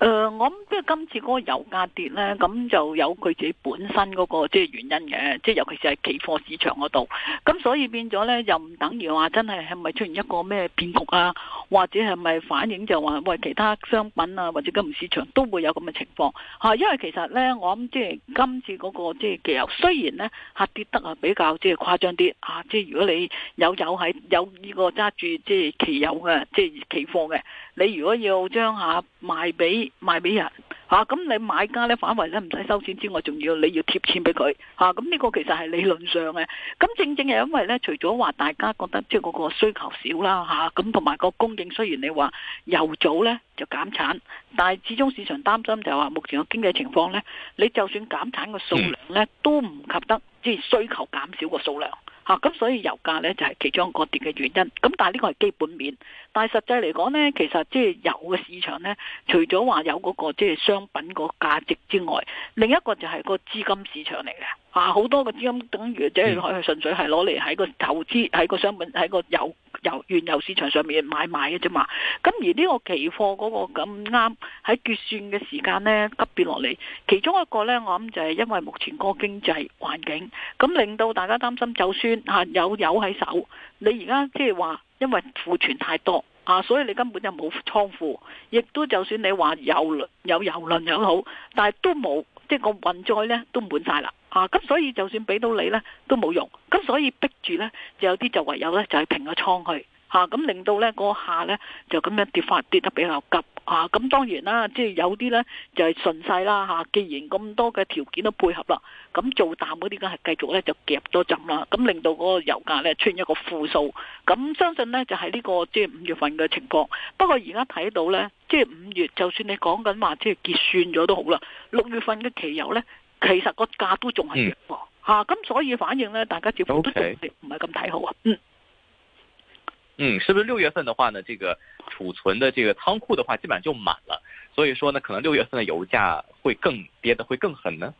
誒、呃，我諗即係今次嗰個油價跌咧，咁就有佢自己本身嗰個即係原因嘅，即係尤其是係期貨市場嗰度，咁所以變咗咧，又唔等於話真係係咪出現一個咩騙局啊，或者係咪反映就話喂其他商品啊或者金融市場都會有咁嘅情況嚇、啊，因為其實咧我諗即係今次嗰個即係油雖然咧嚇跌得啊比較即係誇張啲啊，即係如果你有有喺有呢個揸住即係期油嘅即係期貨嘅。你如果要將下賣俾賣俾人，吓、啊、咁你買家咧反為咧唔使收錢之外，仲要你要貼錢俾佢，吓，咁呢個其實係理論上嘅。咁、啊、正正係因為咧，除咗話大家覺得即係嗰個需求少啦，吓咁同埋個供應雖然你話油組咧就減產，但係始終市場擔心就話目前嘅經濟情況咧，你就算減產嘅數量咧都唔及得即係、就是、需求減少個數量。啊，咁所以油價咧就係、是、其中一個跌嘅原因。咁但係呢個係基本面，但係實際嚟講咧，其實即係油嘅市場咧，除咗話有嗰個即係商品嗰個價值之外，另一個就係個資金市場嚟嘅。啊，好多嘅資金等於即係佢純粹係攞嚟喺個投資喺個商品喺個油。油原油市場上面買賣嘅啫嘛，咁而呢個期貨嗰個咁啱喺決算嘅時間呢急跌落嚟。其中一個呢，我諗就係因為目前個經濟環境，咁令到大家擔心就算有油喺手，你而家即係話因為庫存太多啊，所以你根本就冇倉庫，亦都就算你話有有油輪又好，但係都冇。即係個運載咧都滿晒啦，啊咁所以就算俾到你咧都冇用，咁所以逼住咧就有啲就唯有咧就係平個倉去。吓咁、啊、令到咧、嗰個下咧就咁樣跌翻跌得比較急吓咁、啊、當然啦，即係有啲咧就係順勢啦吓、啊。既然咁多嘅條件都配合、啊、啦，咁做淡嗰啲梗係繼續咧就夾多陣啦，咁令到嗰個油價咧出現一個負數。咁、啊、相信咧就係、是、呢、呢個即係五月份嘅情況。不過而家睇到咧，即係五月就算你講緊話即係結算咗都好啦。六月份嘅期油咧，其實個價都仲係弱吓，咁、嗯啊、所以反映咧大家似乎都唔唔係咁睇好啊。嗯。嗯，是不是六月份的話呢？這個儲存的這個倉庫的話，基本上就滿了，所以說呢，可能六月份的油價會更跌得會更狠呢？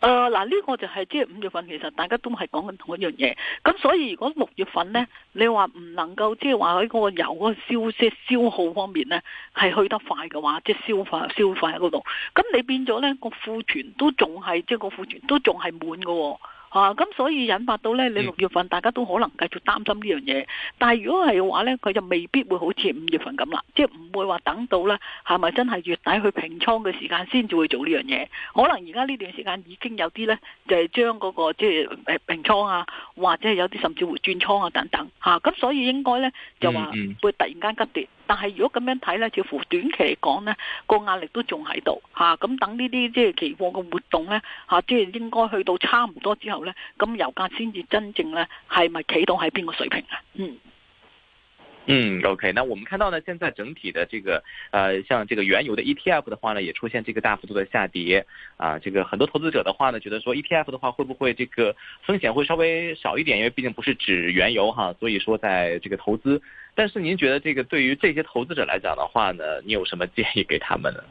誒、呃，嗱、這、呢個就係即係五月份，其實大家都係講緊同一樣嘢，咁所以如果六月份呢，你話唔能夠即係話喺嗰個油嗰個消即係消耗方面呢，係去得快嘅話，即、就、係、是、消化消耗喺嗰度，咁你變咗呢個庫存都仲係即係個庫存都仲係滿嘅、哦。啊，咁所以引發到咧，你六月份大家都可能繼續擔心呢樣嘢。但係如果係嘅話咧，佢就未必會好似五月份咁啦，即係唔會話等到咧，係咪真係月底去平倉嘅時間先至會做呢樣嘢？可能而家呢段時間已經有啲咧，就係將嗰個即係誒平倉啊，或者係有啲甚至乎轉倉啊等等嚇。咁，啊，所以應該咧就話會突然間急跌。嗯，嗯但係如果咁樣睇呢，似乎短期嚟講呢，個壓力都仲喺度嚇。咁、啊嗯、等呢啲即係期貨嘅活動呢，嚇、啊，即係應該去到差唔多之後呢，咁、嗯、油價先至真正呢係咪企到喺邊個水平啊？嗯嗯，OK。那我們看到呢，現在整體的這個呃，像這個原油的 ETF 的話呢，也出現這個大幅度的下跌。啊，這個很多投資者的話呢，覺得說 ETF 的話，會不會這個風險會稍微少一點？因為畢竟不是指原油哈、啊，所以說在這個投資。但是您覺得這個對於這些投資者來講的話呢，你有什麼建議給他們呢？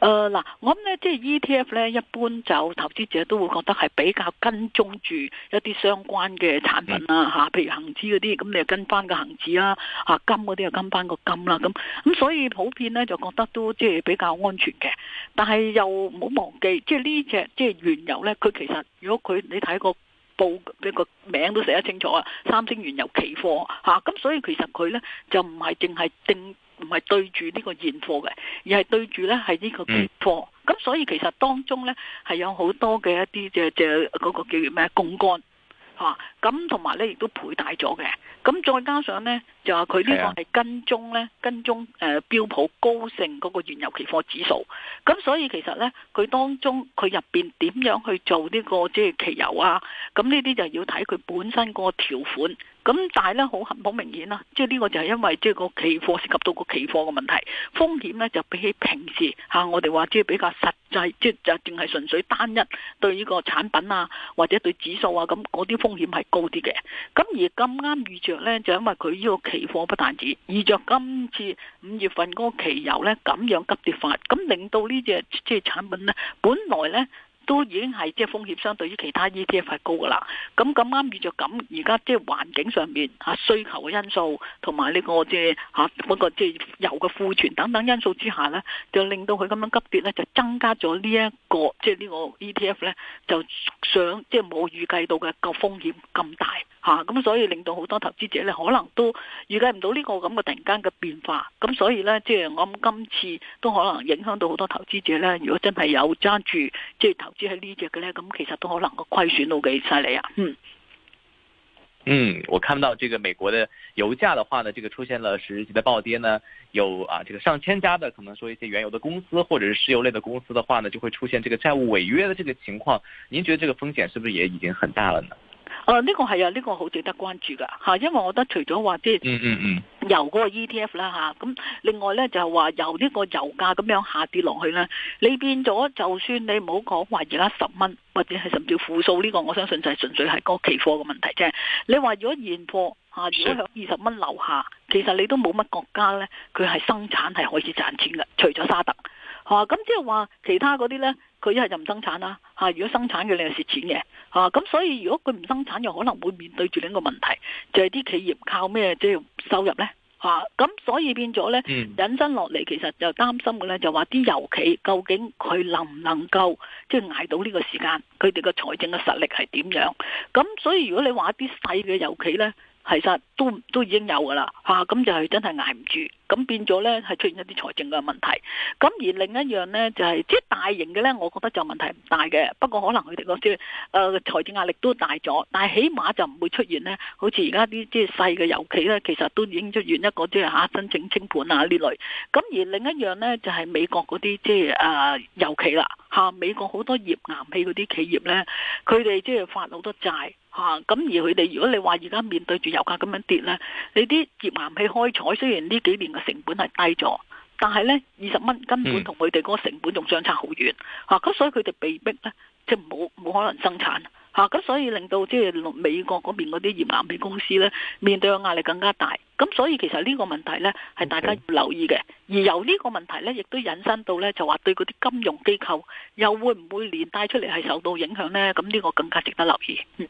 誒嗱、呃，我諗呢，即、就、係、是、ETF 呢，一般就投資者都會覺得係比較跟蹤住一啲相關嘅產品啦、啊、吓，譬、啊、如恒指嗰啲，咁你就跟翻個恒指啦、啊，吓、啊、金嗰啲又跟翻個金啦、啊，咁咁、嗯、所以普遍呢，就覺得都即係比較安全嘅。但係又唔好忘記，即係呢隻即係原油呢，佢其實如果佢你睇過。報個名都寫得清楚啊，三星原油期貨吓，咁、啊、所以其實佢咧就唔係淨係定，唔係對住呢個現貨嘅，而係對住咧係呢個期貨，咁所以其實當中咧係有好多嘅一啲即係即係嗰個叫咩槓杆。吓，咁同埋咧，亦都倍大咗嘅，咁再加上咧，就話佢呢個係的跟蹤咧，跟蹤誒標普高盛嗰個原油期貨指數，咁所以其實咧，佢當中佢入邊點樣去做呢、這個即係期油啊？咁呢啲就要睇佢本身個條款。咁但係咧，好好明顯啦，即係呢個就係因為即係個期貨涉及到個期貨嘅問題，風險咧就比起平時吓、啊，我哋話即係比較實際，就即、是、係就淨係純粹單一對呢個產品啊，或者對指數啊咁，嗰啲風險係高啲嘅。咁而咁啱遇著咧，就因為佢呢個期貨不但止，遇著今次五月份嗰個期油咧咁樣急跌法，咁令到呢隻即係產品咧，本來咧。都已經係即係風險相對於其他 ETF 係高㗎啦。咁咁啱遇著，咁而家即係環境上面嚇需求嘅因素，同埋呢個即係嚇嗰個即係油嘅庫存等等因素之下呢，就令到佢咁樣急跌呢，就增加咗呢一個即係呢個 ETF 呢，就想即係冇預計到嘅個風險咁大嚇。咁、啊、所以令到好多投資者呢，可能都預計唔到呢、這個咁嘅、這個、突然間嘅變化。咁所以呢，即、就、係、是、我諗今次都可能影響到好多投資者呢，如果真係有揸住即係、這個、投資、這個，這個係呢隻嘅咧，咁其實都可能個虧損都幾犀利啊！嗯，嗯，我看到這個美國的油價的話呢，這個出現了史詩級的暴跌呢，有啊，這個上千家的可能說一些原油的公司或者是石油類的公司的話呢，就會出現這個債務違約的這個情況。您覺得這個風險是不是也已經很大了呢？啊，呢、這個係啊，呢、這個好值得關注噶吓、啊，因為我覺得除咗話即係，嗯嗯嗯，由嗰個 ETF 啦吓，咁另外咧就係、是、話由呢個油價咁樣下跌落去咧，你變咗就算你唔好講話而家十蚊或者係甚至負數呢個，我相信就係純粹係嗰個期貨嘅問題啫。你話如果現貨吓、啊，如果喺二十蚊樓下，其實你都冇乜國家咧，佢係生產係可以賺錢嘅，除咗沙特吓，咁、啊嗯、即係話其他嗰啲咧，佢一係就唔生產啦吓、啊，如果生產嘅你係蝕錢嘅。啊，咁所以如果佢唔生產，又可能會面對住另一個問題，就係、是、啲企業靠咩即係收入咧？啊，咁所以變咗咧，嗯、引申落嚟其實就擔心嘅咧，就話啲油企究竟佢能唔能夠即係捱到呢個時間？佢哋個財政嘅實力係點樣？咁所以如果你話一啲細嘅油企咧。其實都都已經有噶啦，吓、啊、咁就係真係捱唔住，咁變咗呢係出現一啲財政嘅問題。咁而另一樣呢，就係、是、即係大型嘅呢，我覺得就問題唔大嘅，不過可能佢哋嗰啲誒，財政壓力都大咗，但係起碼就唔會出現呢好似而家啲即係細嘅油企呢，其實都已經出現一個即係申請清盤啊呢類。咁而另一樣呢，就係、是、美國嗰啲即係誒、啊、油企啦，吓、啊、美國好多頁岩氣嗰啲企業呢，佢哋即係發好多債。吓咁、嗯、而佢哋如果你話而家面對住油價咁樣跌呢，你啲頁岩氣開採雖然呢幾年嘅成本係低咗，但係呢二十蚊根本同佢哋嗰個成本仲相差好遠吓，咁、嗯啊、所以佢哋被逼呢，即係冇冇可能生產吓，咁、啊、所以令到即係美國嗰邊嗰啲頁岩氣公司呢，面對嘅壓力更加大，咁所以其實呢個問題呢，係大家要留意嘅，Okay. 而由呢個問題呢，亦都引申到呢，就話對嗰啲金融機構又會唔會連帶出嚟係受到影響呢？咁呢個更加值得留意。嗯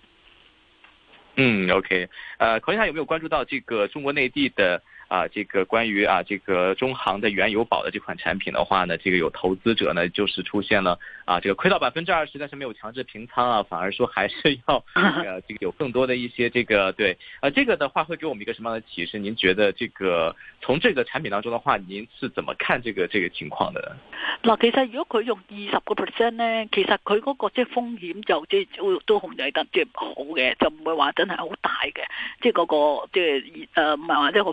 嗯，OK，誒，洪、呃、生，你有沒有關注到這個中國內地的？啊，這個關於啊，這個中行的原油寶的這款產品的話呢，這個有投資者呢，就是出現了啊，這個虧到百分之二十，但是沒有強制平倉啊，反而說還是要，啊，這個有更多的一些這個對，啊，這個的話會給我們一個什麼樣的啟示？您覺得這個從這個產品當中的話，您是怎麼看這個這個情況的？嗱，其實如果佢用二十個 percent 呢，其實佢嗰個即係風險就即係都控制得即係好嘅，就唔會話真係好大嘅，即係嗰個即係誒唔係話即係好。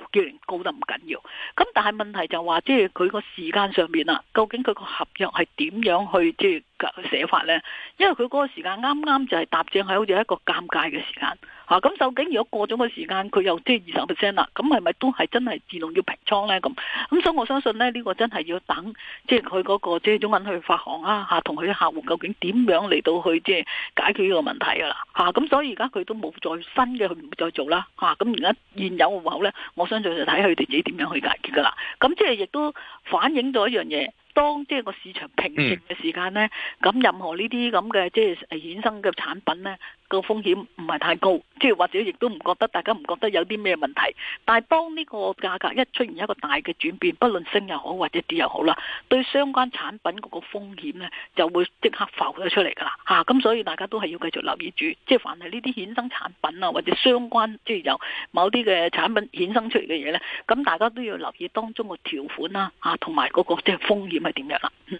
高得唔緊要，咁但係問題就話、是，即係佢個時間上面啊，究竟佢個合約係點樣去即係，嘅寫法咧，因為佢嗰個時間啱啱就係搭正，喺好似一個尷尬嘅時間嚇。咁究竟如果過咗個時間，佢又即係二十 percent 啦，咁係咪都係真係自動要平倉咧？咁咁，所以我相信咧，呢、這個真係要等，即係佢嗰個即係中銀去發行啊嚇，同佢嘅客戶究竟點樣嚟到去即係解決呢個問題㗎啦嚇。咁、啊、所以而家佢都冇再新嘅佢唔會再做啦嚇。咁而家現有嘅話咧，我相信就睇佢哋自己點樣去解決㗎啦。咁、啊、即係亦都反映咗一樣嘢。當即係個市場平靜嘅時間咧，咁、嗯、任何呢啲咁嘅即係衍生嘅產品咧。個風險唔係太高，即係或者亦都唔覺得大家唔覺得有啲咩問題。但係當呢個價格一出現一個大嘅轉變，不論升又好或者跌又好啦，對相關產品嗰個風險呢就會即刻浮咗出嚟噶啦。吓、啊，咁所以大家都係要繼續留意住，即係凡係呢啲衍生產品啊，或者相關即係由某啲嘅產品衍生出嚟嘅嘢呢，咁大家都要留意當中個條款啦，啊，同埋嗰個即係風險係點樣啦。嗯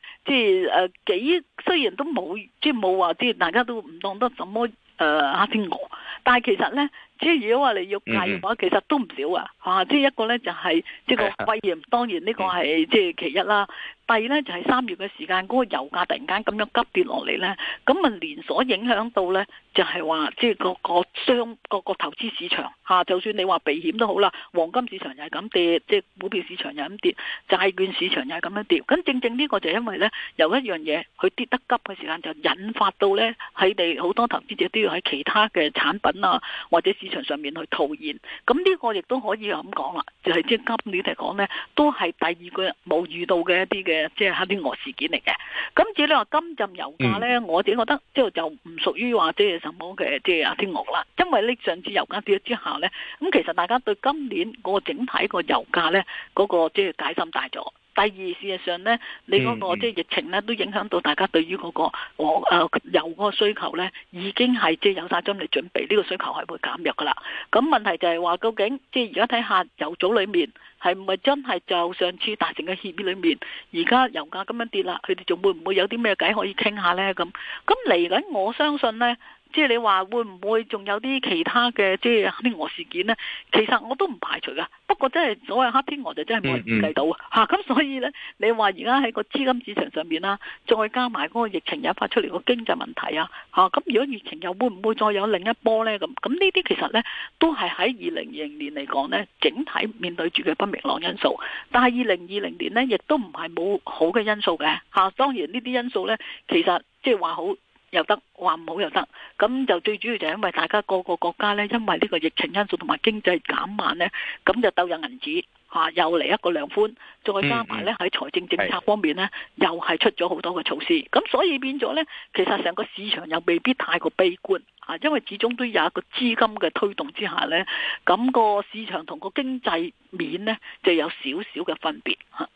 即係誒、呃，幾雖然都冇，即係冇話即係，大家都唔當得什麼誒黑天鵝，但係其實咧，即係如果話你要計嘅話，嗯嗯其實都唔少啊！啊，即係一個咧就係、是、即個肺炎，哎、呀當然呢個係即係其一啦。係咧，第二就係三月嘅時間，嗰、嗰個油價突然間咁樣急跌落嚟咧，咁啊連鎖影響到咧，就係話即係個個商、個個投資市場吓，就算你話避險都好啦，黃金市場又係咁跌，即係股票市場又咁跌，債券市場又係咁樣跌。咁正正呢個就係因為咧，由一樣嘢佢跌得急嘅時間，就引發到咧，喺哋好多投資者都要喺其他嘅產品啊，或者市場上面去套現。咁呢個亦都可以咁講啦，就係即係今年嚟講咧，都係第二個冇遇到嘅一啲嘅。即係黑天鵝事件嚟嘅，咁至於你話今陣油價咧，我自己覺得即係就唔屬於話即係什麼嘅即係黑天鵝啦，因為呢上次油價跌咗之後咧，咁其實大家對今年個整體個油價咧嗰個即係解心大咗。第二，事實上呢，你嗰個即係疫情呢都影響到大家對於嗰、那個我誒、呃、油嗰個需求呢，已經係即係有晒心理準備呢、呢個需求係會減弱噶啦。咁問題就係話，究竟即係而家睇下油組裡面係唔係真係就上次達成嘅協議裡面，而家油價咁樣跌啦，佢哋仲會唔會有啲咩偈可以傾下呢？咁咁嚟緊，我相信呢。即係你話會唔會仲有啲其他嘅即係黑天鵝事件呢？其實我都唔排除噶，不過真係所謂黑天鵝就真係冇人預計到吓咁，所以呢，你話而家喺個資金市場上面啦，再加埋嗰個疫情引發出嚟個經濟問題啊！吓，咁如果疫情又會唔會再有另一波呢？咁咁呢啲其實呢，都係喺二零二零年嚟講呢，整體面對住嘅不明朗因素。但係二零二零年呢，亦都唔係冇好嘅因素嘅吓，啊。當然呢啲因素呢，其實即係話好。又得話唔好又得，咁就最主要就係因為大家各個國家呢，因為呢個疫情因素同埋經濟減慢呢，咁就鬥入銀紙，啊又嚟一個量寬，再加埋呢喺財政政策方面呢，又係出咗好多嘅措施，咁所以變咗呢，其實成個市場又未必太過悲觀，啊，因為始終都有一個資金嘅推動之下呢，咁、那個市場同個經濟面呢，就有少少嘅分別。啊、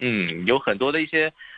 嗯，有很多的一些。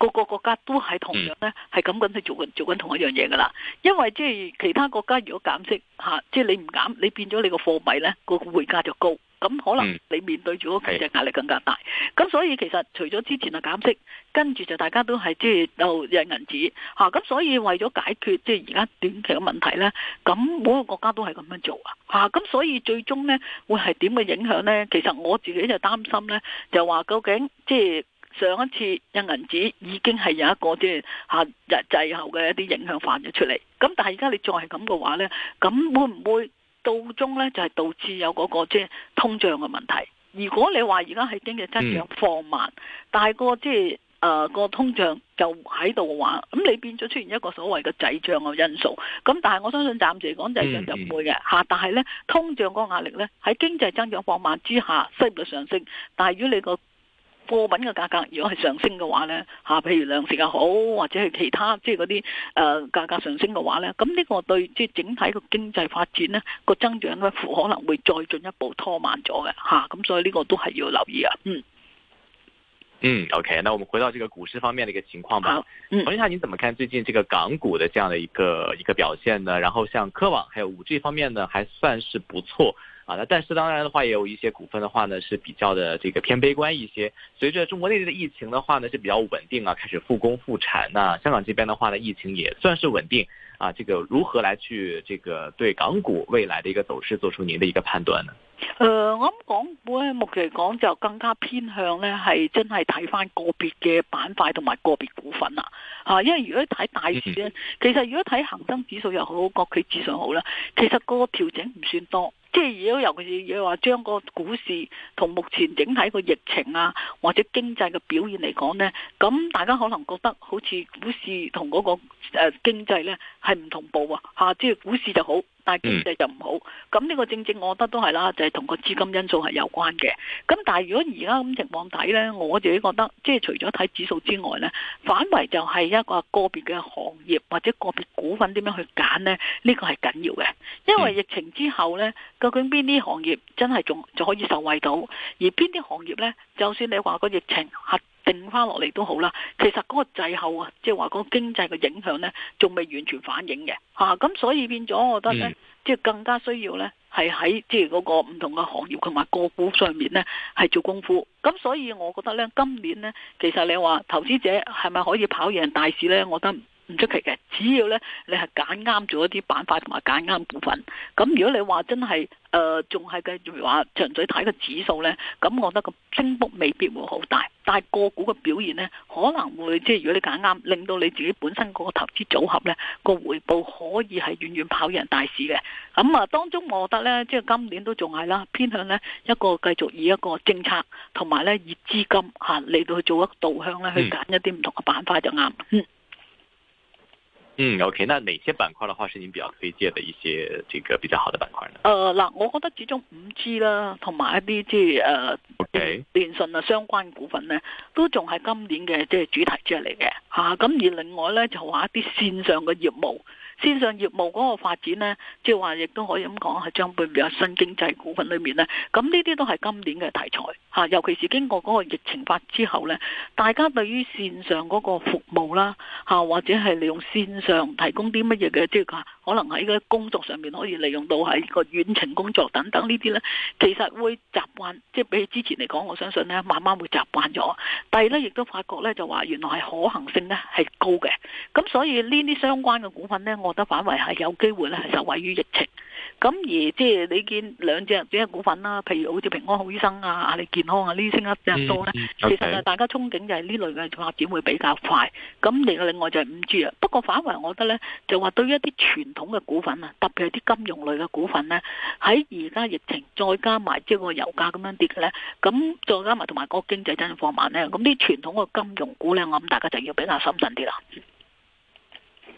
各個國家都係同樣咧，係咁緊去做緊做緊同一樣嘢噶啦。因為即係其他國家如果減息嚇，即係你唔減，你變咗你個貨幣咧個匯價就高，咁可能你面對住嗰個競爭壓力更加大。咁所以其實除咗之前啊減息，跟住就大家都係即係就印銀紙嚇。咁所以為咗解決即係而家短期嘅問題咧，咁每個國家都係咁樣做啊。嚇咁所以最終咧會係點嘅影響咧？其實我自己就擔心咧，就話究竟即係。上一次印銀紙已經係有一個即係嚇日滯後嘅一啲影響反咗出嚟，咁但係而家你再係咁嘅話咧，咁會唔會到終咧就係、是、導致有嗰個即係通脹嘅問題？如果你話而家係經濟增長放慢，嗯、但係個即、就、係、是、啊、那個通脹就喺度嘅話，咁你變咗出現一個所謂嘅滯脹嘅因素。咁但係我相信暫時嚟講滯脹就唔會嘅嚇、嗯啊。但係咧通脹嗰個壓力咧喺經濟增長放慢之下，息率上升，但係如果你個貨品嘅價格如果係上升嘅話呢，吓、啊，譬如糧食又好，或者係其他即係嗰啲誒價格上升嘅話呢，咁呢個對即係、就是、整體嘅經濟發展呢個增長咧，可能會再進一步拖慢咗嘅吓，咁、啊、所以呢個都係要留意啊。嗯，嗯，OK，那我們回到這個股市方面嘅一個情況嘛。好，問一下，你怎麼看最近這個港股的這樣的一個一個表現呢？然後像科網還有五 G 方面呢，還算是不錯。啊！但係當然的話，也有一些股份的話呢，是比較的這個偏悲觀一些。隨著中國內地的疫情的話呢，是比較穩定啊，開始復工復產，啊。那香港這邊的話呢，疫情也算是穩定。啊，這個如何來去這個對港股未來的一個走勢做出您的一個判斷呢？呃，我諗港股咧，目前嚟講就更加偏向呢係真係睇返個別嘅板塊同埋個別股份啦。嚇、啊，因為如果睇大市咧，嗯、哼其實如果睇恒生指數又好，國企指數好啦，其實個調整唔算多。即係如果尤其是你話將個股市同目前整體個疫情啊或者經濟嘅表現嚟講呢，咁大家可能覺得好似股市同嗰、那個誒、呃、經濟呢係唔同步啊吓、啊，即係股市就好。嗯、經濟就唔好，咁、這、呢個正正我覺得都係啦，就係同個資金因素係有關嘅。咁但係如果而家咁情況睇呢，我自己覺得，即係除咗睇指數之外呢，反為就係一個個別嘅行業或者個別股份點樣去揀呢，呢、這個係緊要嘅。因為疫情之後呢，究竟邊啲行業真係仲仲可以受惠到，而邊啲行業呢？就算你話個疫情定翻落嚟都好啦，其實嗰個滯後啊，即係話嗰個經濟嘅影響咧，仲未完全反映嘅吓，咁、啊、所以變咗我覺得咧，嗯、即係更加需要咧，係喺即係嗰個唔同嘅行業同埋個股上面咧，係做功夫。咁所以我覺得咧，今年咧，其實你話投資者係咪可以跑贏大市咧，我覺得。唔出奇嘅，只要咧你係揀啱咗一啲板塊，同埋揀啱股份。咁如果你話真係，誒仲係繼續話純粹睇個指數咧，咁我覺得個升幅未必會好大。但係個股嘅表現咧，可能會即係如果你揀啱，令到你自己本身嗰個投資組合咧，個回報可以係遠遠跑贏大市嘅。咁啊，當中我覺得咧，即係今年都仲係啦，偏向咧一個繼續以一個政策同埋咧以資金吓嚟，啊、到去做一個導向咧，去揀一啲唔同嘅板塊就啱。嗯嗯，OK，那哪些板塊的話是您比較推薦的一些這個比較好的板塊呢？誒、呃，嗱，我覺得始終五 G 啦，同埋一啲即係誒，呃、Okay. 電信啊相關股份咧，都仲係今年嘅即係主題出嚟嘅吓。咁、啊、而另外咧就話一啲線上嘅業務。線上業務嗰個發展呢，即係話亦都可以咁講係將背後新經濟股份裏面呢。咁呢啲都係今年嘅題材嚇，尤其是經過嗰個疫情發之後呢，大家對於線上嗰個服務啦嚇，或者係利用線上提供啲乜嘢嘅即係。就是可能喺個工作上面可以利用到喺個遠程工作等等呢啲呢，其實會習慣，即係比起之前嚟講，我相信呢慢慢會習慣咗。但係呢，亦都發覺呢就話原來係可行性呢係高嘅。咁所以呢啲相關嘅股份呢，我覺得反為係有機會呢，係受惠於疫情。咁而即係你見兩隻比較股份啦、啊，譬如好似平安好醫生啊、阿里健康啊一隻呢啲升得比較多咧，嗯嗯、其實啊，大家憧憬就係呢類嘅發展會比較快。咁另另外就係 5G 啊。不過反為我覺得咧，就話對於一啲傳統嘅股份啊，特別係啲金融類嘅股份咧，喺而家疫情再加埋即係個油價咁樣跌嘅咧，咁再加埋同埋個經濟增速放慢咧，咁啲傳統嘅金融股咧，我諗大家就要比較謹慎啲啦。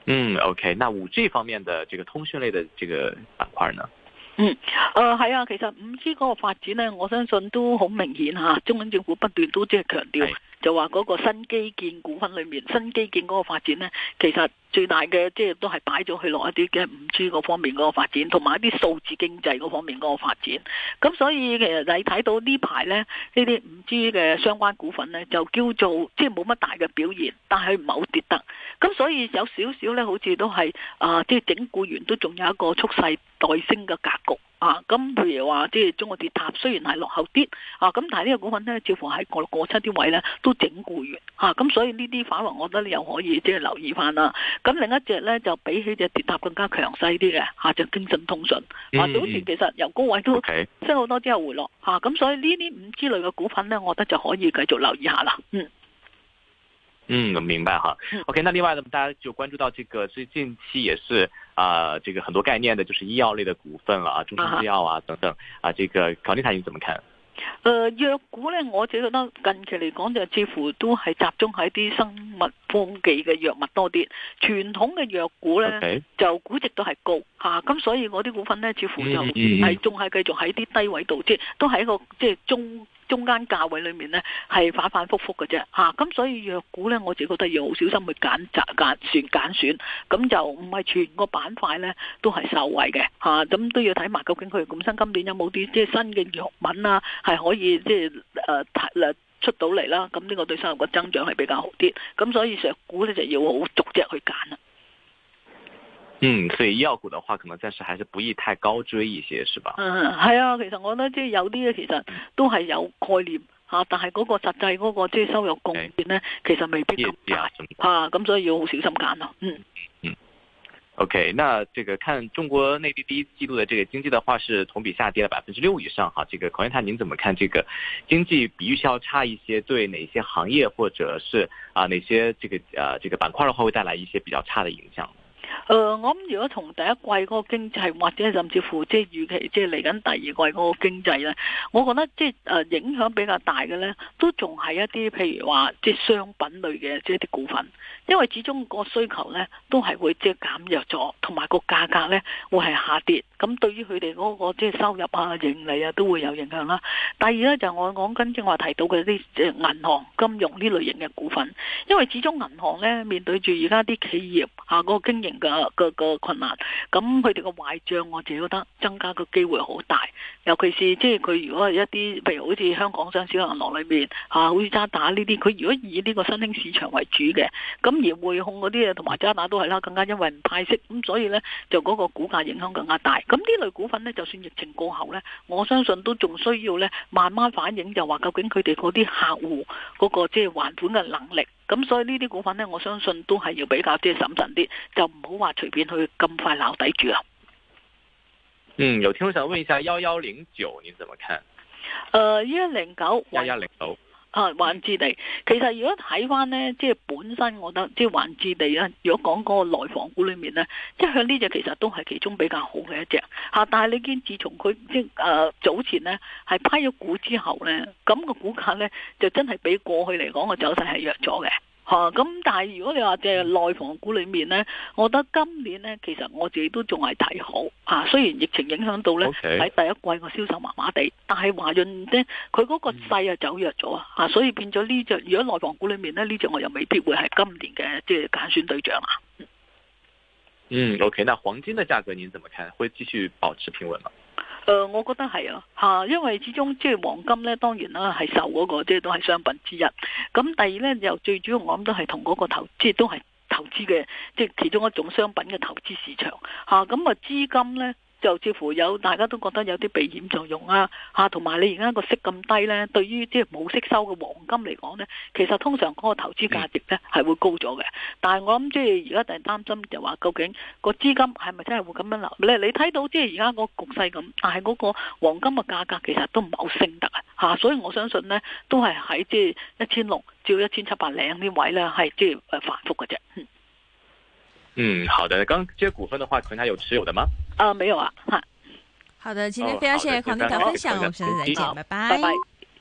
嗯，OK，那五 G 方面的這個通訊類的這個板塊呢？嗯，呃，係啊，其實五 G 嗰個發展咧，我相信都好明顯啊。中央政府不斷都即係強調、哎。就話嗰個新基建股份裏面，新基建嗰個發展呢，其實最大嘅即係都係擺咗去落一啲嘅五 G 嗰方面嗰個發展，同埋一啲數字經濟嗰方面嗰個發展。咁所以其實你睇到呢排呢，呢啲五 G 嘅相關股份呢，就叫做即係冇乜大嘅表現，但係唔係好跌得。咁所以有少少呢，好似都係啊，即係整固完都仲有一個蓄勢待升嘅格局。啊，咁譬如話，即係中國鐵塔，雖然係落後啲，啊，咁但係呢個股份咧，似乎喺過過七啲位咧，都整固完，啊，咁所以呢啲反華，我覺得你又可以即係留意翻啦。咁另一隻咧，就比起隻鐵塔更加強勢啲嘅，吓就京信通訊，啊，早段其實由高位都升好多之後回落，吓，咁所以呢啲五之類嘅股份咧，我覺得就可以繼續留意下啦。嗯，嗯，明白吓。OK，那另外呢，大家就關注到這個最近期也是。啊、呃，這個很多概念嘅，就是醫藥類嘅股份啦，啊，中成製藥啊等等，啊，這個考慮吓，啊、你怎麼看？誒、呃，藥股呢，我自己覺得近期嚟講就似乎都係集中喺啲生物科技嘅藥物多啲，傳統嘅藥股呢，Okay. 就估值都係高，吓、啊，咁所以我啲股份呢，似乎就係仲係繼續喺啲低位度，即係都喺個即係中。嗯嗯嗯中間價位裏面呢係反反復復嘅啫，吓、啊、咁所以藥股呢，我自己覺得要好小心去揀擇揀選揀選，咁就唔係全個板塊呢都係受惠嘅，吓、啊、咁都要睇埋究竟佢咁新今年有冇啲即係新嘅藥品啊，係可以即係誒出到嚟啦，咁呢個對收入嘅增長係比較好啲，咁所以藥股呢，就要好逐隻去揀啦。嗯，所以醫藥股的話，可能暫時還是不宜太高追一些，是吧？嗯，嗯，係啊，其實我覺得即係有啲咧，其實都係有概念吓、啊，但係嗰個實際嗰個即係收入貢獻呢，其實未必咁大吓，咁、嗯嗯啊、所以要好小心揀咯。嗯嗯，OK，那這個看中國內地第一季度的這個經濟的話，是同比下跌了百分之六以上哈、啊。這個熊麗萍，您怎麼看？這個經濟比預期要差一些，對哪些行業或者是啊哪些這個啊這個板塊的話，會帶來一些比較差的影響？誒、呃，我諗如果從第一季嗰個經濟，或者甚至乎即係預期，即係嚟緊第二季嗰個經濟咧，我覺得即係誒影響比較大嘅咧，都仲係一啲譬如話即係商品類嘅即係啲股份，因為始終個需求咧都係會即係減弱咗，同埋個價格咧會係下跌，咁對於佢哋嗰個即係收入啊、盈利啊都會有影響啦。第二咧就是、我講緊正話提到嘅啲誒銀行、金融呢類型嘅股份，因為始終銀行咧面對住而家啲企業嚇個經營。嘅嘅困難，咁佢哋嘅壞帳，我自己覺得增加嘅機會好大，尤其是即係佢如果係一啲，譬如好似香港上市嘅銀行裏邊，嚇、啊，好似渣打呢啲，佢如果以呢個新興市場為主嘅，咁而匯控嗰啲啊，同埋渣打都係啦，更加因為唔派息，咁所以呢，就嗰個股價影響更加大。咁呢類股份呢，就算疫情過後呢，我相信都仲需要呢，慢慢反映，就話究竟佢哋嗰啲客戶嗰、嗰個即係還款嘅能力。咁所以呢啲股份呢，我相信都係要比較即係審慎啲，就唔好話隨便去咁快鬧底住啊。嗯，有天老想問一下幺幺零九，你怎麼看？誒、呃，幺零九，幺幺零九。啊，環置地其實如果睇翻咧，即係本身我覺得即係環置地啊，如果講嗰個內房股裏面咧，即係向呢隻其實都係其中比較好嘅一隻嚇、啊。但係你見自從佢即係、呃、早前咧係批咗股之後咧，咁個股價咧就真係比過去嚟講個走勢係弱咗嘅。吓咁、啊，但係如果你話即係內房股裏面咧，嗯、我覺得今年咧，其實我自己都仲係睇好吓、啊。雖然疫情影響到咧喺 Okay. 第一季我銷售麻麻地，但係華潤咧，佢嗰個勢就走弱咗啊吓，所以變咗呢隻如果內房股裏面咧，呢隻我又未必會係今年嘅即係揀選對象啦。嗯，OK，那黃金嘅價格您怎麼看？會繼續保持平穩嗎？誒、呃，我覺得係啊，吓，因為始終即係黃金咧，當然啦係受嗰個即係都係商品之一。咁第二咧又最主要，我諗都係同嗰個投，即係都係投資嘅，即係其中一種商品嘅投資市場。吓、啊，咁啊資金咧。就似乎有大家都覺得有啲避險作用啊！嚇、啊，同埋你而家個息咁低呢，對於即係冇息收嘅黃金嚟講呢，其實通常嗰個投資價值呢係會高咗嘅。但係我諗即係而家就係擔心，就話究竟個資金係咪真係會咁樣流咧？你睇到即係而家個局勢咁，但係嗰個黃金嘅價格其實都唔係好升得嚇、啊，所以我相信呢，都係喺即係一千六至一千七百零呢位呢，係即係反覆嘅啫。嗯。嗯，好的。剛這些股份的話，可能他有持有的嗎？啊，沒有啊。哈，好的，今天非常謝謝黃隊長分享，哦、我，剛剛我們下次再見，嗯、拜拜。拜拜。